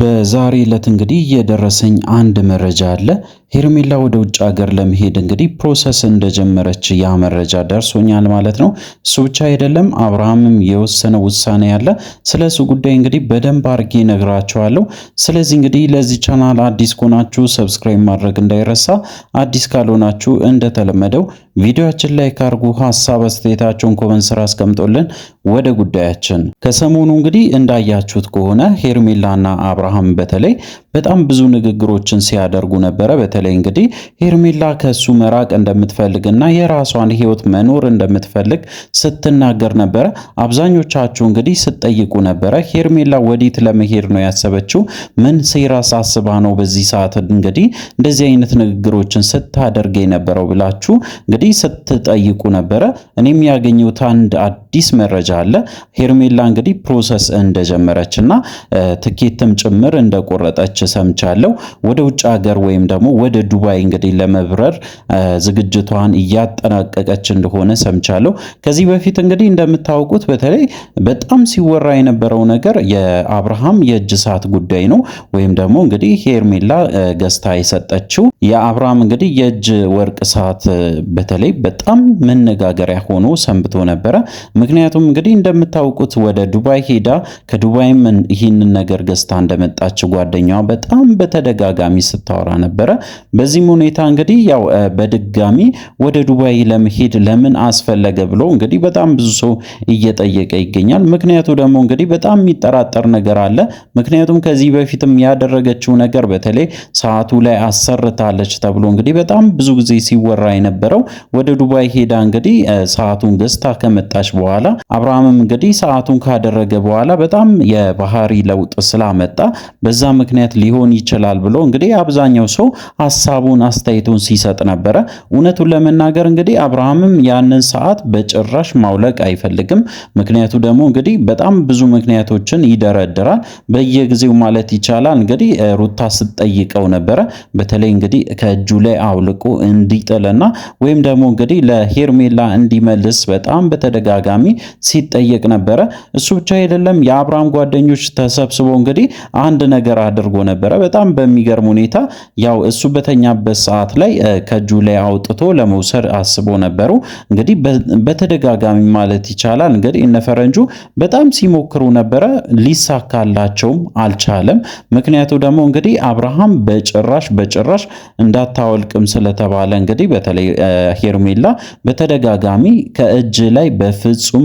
በዛሬ ዕለት እንግዲህ የደረሰኝ አንድ መረጃ አለ። ሄርሜላ ወደ ውጭ ሀገር ለመሄድ እንግዲህ ፕሮሰስ እንደጀመረች ያ መረጃ ደርሶኛል ማለት ነው። እሱ ብቻ አይደለም፣ አብርሃምም የወሰነው ውሳኔ ያለ ስለ እሱ ጉዳይ እንግዲህ በደንብ አድርጌ ነግራቸዋለሁ። ስለዚህ እንግዲህ ለዚህ ቻናል አዲስ ከሆናችሁ ሰብስክራይብ ማድረግ እንዳይረሳ፣ አዲስ ካልሆናችሁ እንደተለመደው ቪዲዮአችን ላይ ካርጉ ሀሳብ አስተያየታቸውን ኮመንት ስራ አስቀምጦልን ወደ ጉዳያችን ከሰሞኑ እንግዲህ እንዳያችሁት ከሆነ ሄርሜላና አብርሃም በተለይ በጣም ብዙ ንግግሮችን ሲያደርጉ ነበረ። በተለይ እንግዲህ ሄርሜላ ከእሱ መራቅ እንደምትፈልግና የራሷን ህይወት መኖር እንደምትፈልግ ስትናገር ነበረ። አብዛኞቻችሁ እንግዲህ ስትጠይቁ ነበረ። ሄርሜላ ወዴት ለመሄድ ነው ያሰበችው? ምን ሴራ ሳስባ ነው በዚህ ሰዓት እንግዲህ እንደዚህ አይነት ንግግሮችን ስታደርግ የነበረው ብላችሁ እንግዲህ ስትጠይቁ ነበረ። እኔም ያገኘሁት አንድ አዲስ መረጃ አለ። ሄርሜላ እንግዲህ ፕሮሰስ እንደጀመረችና ትኬትም ጭምር እንደቆረጠች ሰምቻለሁ። ወደ ውጭ ሀገር ወይም ደግሞ ወደ ዱባይ እንግዲህ ለመብረር ዝግጅቷን እያጠናቀቀች እንደሆነ ሰምቻለሁ። ከዚህ በፊት እንግዲህ እንደምታውቁት በተለይ በጣም ሲወራ የነበረው ነገር የአብርሃም የእጅ ሰዓት ጉዳይ ነው። ወይም ደግሞ እንግዲህ ሄርሜላ ገዝታ የሰጠችው የአብርሃም እንግዲህ የእጅ ወርቅ ሰዓት በተለይ በጣም መነጋገሪያ ሆኖ ሰንብቶ ነበረ። ምክንያቱም እንግዲህ እንደምታውቁት ወደ ዱባይ ሄዳ ከዱባይም ይህንን ነገር ገዝታ እንደመጣች ጓደኛዋ በጣም በተደጋጋሚ ስታወራ ነበረ። በዚህም ሁኔታ እንግዲህ ያው በድጋሚ ወደ ዱባይ ለመሄድ ለምን አስፈለገ ብሎ እንግዲህ በጣም ብዙ ሰው እየጠየቀ ይገኛል። ምክንያቱ ደግሞ እንግዲህ በጣም የሚጠራጠር ነገር አለ። ምክንያቱም ከዚህ በፊትም ያደረገችው ነገር በተለይ ሰዓቱ ላይ አሰርታ ትሄዳለች ተብሎ እንግዲህ በጣም ብዙ ጊዜ ሲወራ የነበረው ወደ ዱባይ ሄዳ እንግዲህ ሰዓቱን ገዝታ ከመጣች በኋላ አብርሃምም እንግዲህ ሰዓቱን ካደረገ በኋላ በጣም የባህሪ ለውጥ ስላመጣ በዛ ምክንያት ሊሆን ይችላል ብሎ እንግዲህ አብዛኛው ሰው ሀሳቡን አስተያየቱን ሲሰጥ ነበረ። እውነቱን ለመናገር እንግዲህ አብርሃምም ያንን ሰዓት በጭራሽ ማውለቅ አይፈልግም። ምክንያቱ ደግሞ እንግዲህ በጣም ብዙ ምክንያቶችን ይደረድራል በየጊዜው ማለት ይቻላል። እንግዲህ ሩታ ስትጠይቀው ነበረ። በተለይ እንግዲህ እንግዲህ ከእጁ ላይ አውልቆ እንዲጥልና ወይም ደግሞ እንግዲህ ለሄርሜላ እንዲመልስ በጣም በተደጋጋሚ ሲጠየቅ ነበረ። እሱ ብቻ አይደለም፣ የአብርሃም ጓደኞች ተሰብስቦ እንግዲህ አንድ ነገር አድርጎ ነበረ። በጣም በሚገርም ሁኔታ ያው እሱ በተኛበት ሰዓት ላይ ከእጁ ላይ አውጥቶ ለመውሰድ አስቦ ነበሩ። እንግዲህ በተደጋጋሚ ማለት ይቻላል እንግዲህ እነ ፈረንጁ በጣም ሲሞክሩ ነበረ፣ ሊሳካላቸውም አልቻለም። ምክንያቱ ደግሞ እንግዲህ አብርሃም በጭራሽ በጭራሽ እንዳታወልቅም ስለተባለ እንግዲህ በተለይ ሄርሜላ በተደጋጋሚ ከእጅ ላይ በፍጹም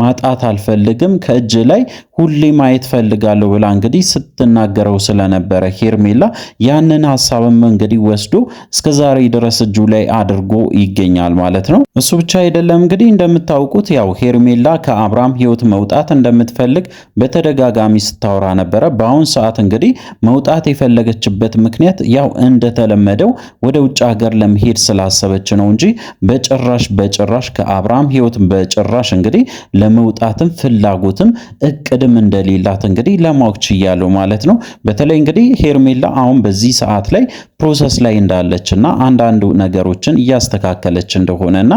ማጣት አልፈልግም ከእጅ ላይ ሁሌ ማየት ፈልጋለሁ ብላ እንግዲህ ስትናገረው ስለነበረ ሄርሜላ ያንን ሀሳብም እንግዲህ ወስዶ እስከዛሬ ድረስ እጁ ላይ አድርጎ ይገኛል ማለት ነው። እሱ ብቻ አይደለም እንግዲህ እንደምታውቁት ያው ሄርሜላ ከአብርሃም ህይወት መውጣት እንደምትፈልግ በተደጋጋሚ ስታወራ ነበረ። በአሁን ሰዓት እንግዲህ መውጣት የፈለገችበት ምክንያት ያው እንደ የተለመደው ወደ ውጭ ሀገር ለመሄድ ስላሰበች ነው እንጂ በጭራሽ በጭራሽ ከአብርሃም ህይወት በጭራሽ እንግዲህ ለመውጣትም ፍላጎትም እቅድም እንደሌላት እንግዲህ ለማወቅ ችያለሁ ማለት ነው። በተለይ እንግዲህ ሄርሜላ አሁን በዚህ ሰዓት ላይ ፕሮሰስ ላይ እንዳለች እና አንዳንድ ነገሮችን እያስተካከለች እንደሆነ እና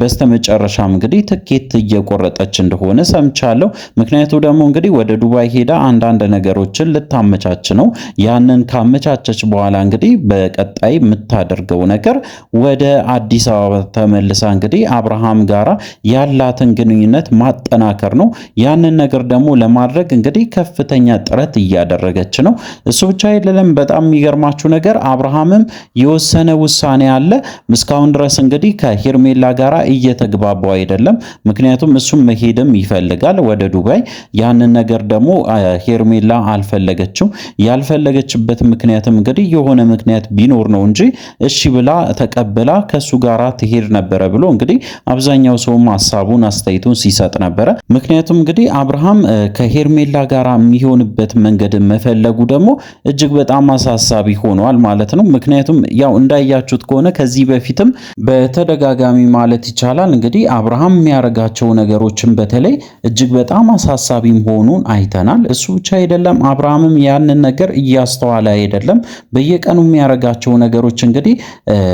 በስተመጨረሻም እንግዲህ ትኬት እየቆረጠች እንደሆነ ሰምቻለሁ። ምክንያቱ ደግሞ እንግዲህ ወደ ዱባይ ሄዳ አንዳንድ ነገሮችን ልታመቻች ነው። ያንን ካመቻቸች በኋላ እንግዲህ በቀጣይ የምታደርገው ነገር ወደ አዲስ አበባ ተመልሳ እንግዲህ አብርሃም ጋራ ያላትን ግንኙነት ማጠናከር ነው። ያንን ነገር ደግሞ ለማድረግ እንግዲህ ከፍተኛ ጥረት እያደረገች ነው። እሱ ብቻ አይደለም። በጣም የሚገርማችሁ ነገር አብርሃምም የወሰነ ውሳኔ አለ። እስካሁን ድረስ እንግዲህ ከሄርሜላ ጋራ እየተግባባው አይደለም። ምክንያቱም እሱም መሄድም ይፈልጋል ወደ ዱባይ። ያንን ነገር ደግሞ ሄርሜላ አልፈለገችው። ያልፈለገችበት ምክንያትም እንግዲህ የሆነ ምክንያት ምክንያት ቢኖር ነው እንጂ እሺ ብላ ተቀብላ ከሱ ጋራ ትሄድ ነበረ ብሎ እንግዲህ አብዛኛው ሰውም ሀሳቡን አስተያየቱን ሲሰጥ ነበረ። ምክንያቱም እንግዲህ አብርሃም ከሄርሜላ ጋር የሚሆንበት መንገድ መፈለጉ ደግሞ እጅግ በጣም አሳሳቢ ሆኗል ማለት ነው። ምክንያቱም ያው እንዳያችሁት ከሆነ ከዚህ በፊትም በተደጋጋሚ ማለት ይቻላል እንግዲህ አብርሃም የሚያደርጋቸው ነገሮችን በተለይ እጅግ በጣም አሳሳቢ መሆኑን አይተናል። እሱ ብቻ አይደለም፣ አብርሃምም ያንን ነገር እያስተዋለ አይደለም በየቀኑ የሚያረጋቸው ነገሮች እንግዲህ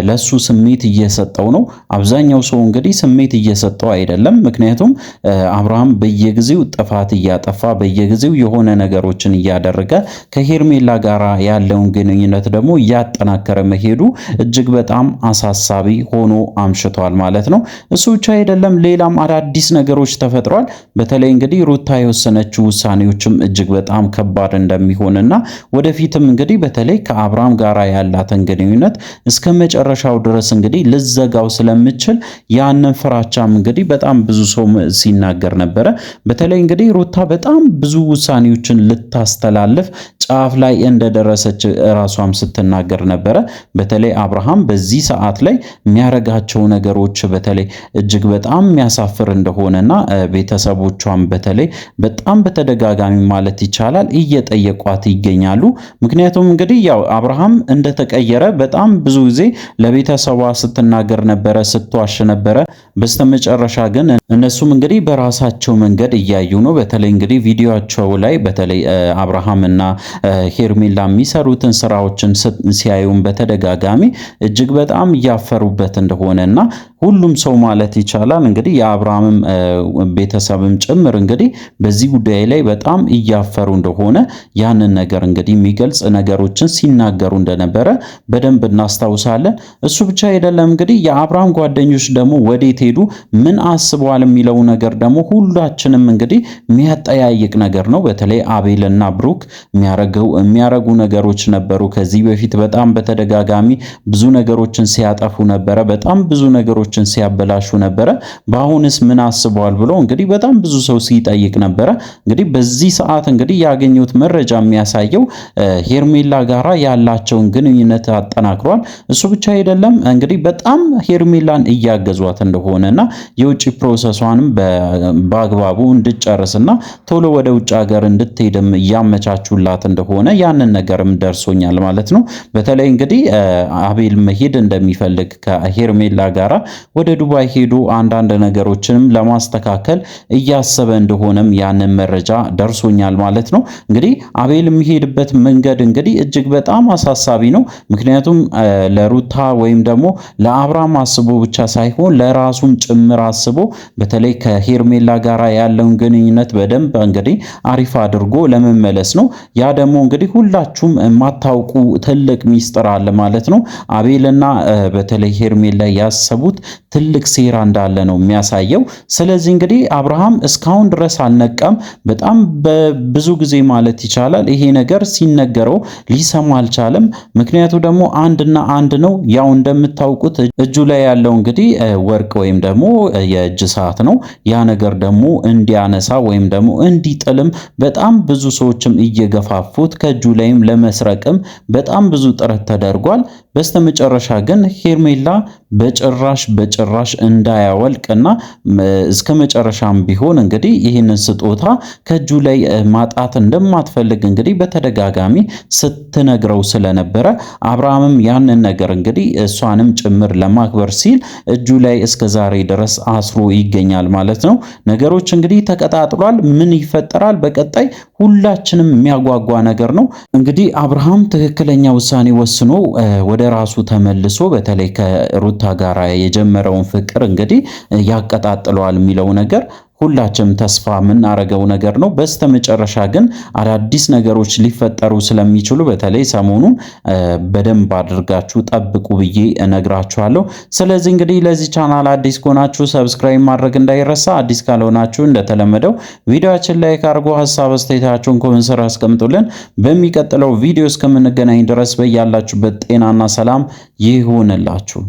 ለሱ ስሜት እየሰጠው ነው። አብዛኛው ሰው እንግዲህ ስሜት እየሰጠው አይደለም። ምክንያቱም አብርሃም በየጊዜው ጥፋት እያጠፋ በየጊዜው የሆነ ነገሮችን እያደረገ ከሄርሜላ ጋር ያለውን ግንኙነት ደግሞ እያጠናከረ መሄዱ እጅግ በጣም አሳሳቢ ሆኖ አምሽቷል ማለት ነው። እሱ ብቻ አይደለም፣ ሌላም አዳዲስ ነገሮች ተፈጥሯል። በተለይ እንግዲህ ሩታ የወሰነችው ውሳኔዎችም እጅግ በጣም ከባድ እንደሚሆንና ወደፊትም እንግዲህ በተለይ ከአብርሃም ጋር ያላትን ግንኙነት እስከ መጨረሻው ድረስ እንግዲህ ልዘጋው ስለምችል ያንን ፍራቻም እንግዲህ በጣም ብዙ ሰው ሲናገር ነበረ። በተለይ እንግዲህ ሩታ በጣም ብዙ ውሳኔዎችን ልታስተላልፍ ጫፍ ላይ እንደደረሰች ራሷም ስትናገር ነበረ። በተለይ አብርሃም በዚህ ሰዓት ላይ የሚያረጋቸው ነገሮች በተለይ እጅግ በጣም የሚያሳፍር እንደሆነና ቤተሰቦቿም በተለይ በጣም በተደጋጋሚ ማለት ይቻላል እየጠየቋት ይገኛሉ። ምክንያቱም እንግዲህ ያው አብርሃም እንደተቀየረ በጣም ብዙ ጊዜ ለቤተሰቧ ስትናገር ነበረ፣ ስትዋሽ ነበረ። በስተመጨረሻ ግን እነሱም እንግዲህ በራሳቸው መንገድ እያዩ ነው። በተለይ እንግዲህ ቪዲዮቸው ላይ በተለይ አብርሃም እና ሄርሜላ የሚሰሩትን ስራዎችን ሲያዩን በተደጋጋሚ እጅግ በጣም እያፈሩበት እንደሆነ እና ሁሉም ሰው ማለት ይቻላል እንግዲህ የአብርሃምም ቤተሰብም ጭምር እንግዲህ በዚህ ጉዳይ ላይ በጣም እያፈሩ እንደሆነ ያንን ነገር እንግዲህ የሚገልጽ ነገሮችን ሲናገሩ እንደነበረ በደንብ እናስታውሳለን። እሱ ብቻ አይደለም እንግዲህ የአብርሃም ጓደኞች ደግሞ ወዴት ሄዱ፣ ምን አስበዋል የሚለው ነገር ደግሞ ሁላችንም እንግዲህ የሚያጠያይቅ ነገር ነው። በተለይ አቤልና ብሩክ የሚያረግ እንዲረጋገው የሚያረጉ ነገሮች ነበሩ። ከዚህ በፊት በጣም በተደጋጋሚ ብዙ ነገሮችን ሲያጠፉ ነበረ። በጣም ብዙ ነገሮችን ሲያበላሹ ነበረ። በአሁንስ ምን አስበዋል ብሎ እንግዲህ በጣም ብዙ ሰው ሲጠይቅ ነበረ። እንግዲህ በዚህ ሰዓት እንግዲህ ያገኙት መረጃ የሚያሳየው ሄርሜላ ጋራ ያላቸውን ግንኙነት አጠናክሯል። እሱ ብቻ አይደለም እንግዲህ በጣም ሄርሜላን እያገዟት እና የውጭ ፕሮሰሷንም በአግባቡ እንድጨርስና ቶሎ ወደ ውጭ ሀገር እንድትሄድም እያመቻቹላት እንደሆነ ያንን ነገርም ደርሶኛል ማለት ነው። በተለይ እንግዲህ አቤል መሄድ እንደሚፈልግ ከሄርሜላ ጋራ ወደ ዱባይ ሄዶ አንዳንድ ነገሮችንም ለማስተካከል እያሰበ እንደሆነም ያንን መረጃ ደርሶኛል ማለት ነው። እንግዲህ አቤል የሚሄድበት መንገድ እንግዲህ እጅግ በጣም አሳሳቢ ነው። ምክንያቱም ለሩታ ወይም ደግሞ ለአብርሃም አስቦ ብቻ ሳይሆን ለራሱም ጭምር አስቦ በተለይ ከሄርሜላ ጋራ ያለውን ግንኙነት በደንብ እንግዲህ አሪፍ አድርጎ ለመመለስ ነው ያ ደግሞ እንግዲህ ሁላችሁም የማታውቁ ትልቅ ሚስጥር አለ ማለት ነው። አቤልና በተለይ ላይ ያሰቡት ትልቅ ሴራ እንዳለ ነው የሚያሳየው። ስለዚህ እንግዲህ አብርሃም እስካሁን ድረስ አልነቃም። በጣም በብዙ ጊዜ ማለት ይቻላል ይሄ ነገር ሲነገረው ሊሰማ አልቻለም። ምክንያቱ ደግሞ አንድና አንድ ነው። ያው እንደምታውቁት እጁ ላይ ያለው እንግዲህ ወርቅ ወይም ደግሞ የእጅ ሰዓት ነው። ያ ነገር ደግሞ እንዲያነሳ ወይም ደግሞ እንዲጥልም በጣም ብዙ ሰዎችም እየገፋፉ የተገፋፉት ከእጁ ላይም ለመስረቅም በጣም ብዙ ጥረት ተደርጓል። በስተመጨረሻ ግን ሄርሜላ በጭራሽ በጭራሽ እንዳያወልቅና እስከ መጨረሻም ቢሆን እንግዲህ ይህንን ስጦታ ከእጁ ላይ ማጣት እንደማትፈልግ እንግዲህ በተደጋጋሚ ስትነግረው ስለነበረ አብርሃምም ያንን ነገር እንግዲህ እሷንም ጭምር ለማክበር ሲል እጁ ላይ እስከ ዛሬ ድረስ አስሮ ይገኛል ማለት ነው። ነገሮች እንግዲህ ተቀጣጥሏል። ምን ይፈጠራል በቀጣይ ሁላችንም የሚያጓጓ ነገር ነው። እንግዲህ አብርሃም ትክክለኛ ውሳኔ ወስኖ ወደ ወደ ራሱ ተመልሶ በተለይ ከሩታ ጋር የጀመረውን ፍቅር እንግዲህ ያቀጣጥለዋል የሚለው ነገር ሁላችንም ተስፋ የምናረገው ነገር ነው። በስተመጨረሻ ግን አዳዲስ ነገሮች ሊፈጠሩ ስለሚችሉ በተለይ ሰሞኑን በደንብ አድርጋችሁ ጠብቁ ብዬ እነግራችኋለሁ። ስለዚህ እንግዲህ ለዚህ ቻናል አዲስ ከሆናችሁ ሰብስክራይብ ማድረግ እንዳይረሳ፣ አዲስ ካልሆናችሁ እንደተለመደው ቪዲዮአችን ላይ አድርጎ ሀሳብ አስተያየታችሁን ኮሜንት ስር አስቀምጡልን። በሚቀጥለው ቪዲዮ እስከምንገናኝ ድረስ በያላችሁበት ጤናና ሰላም ይሁንላችሁ።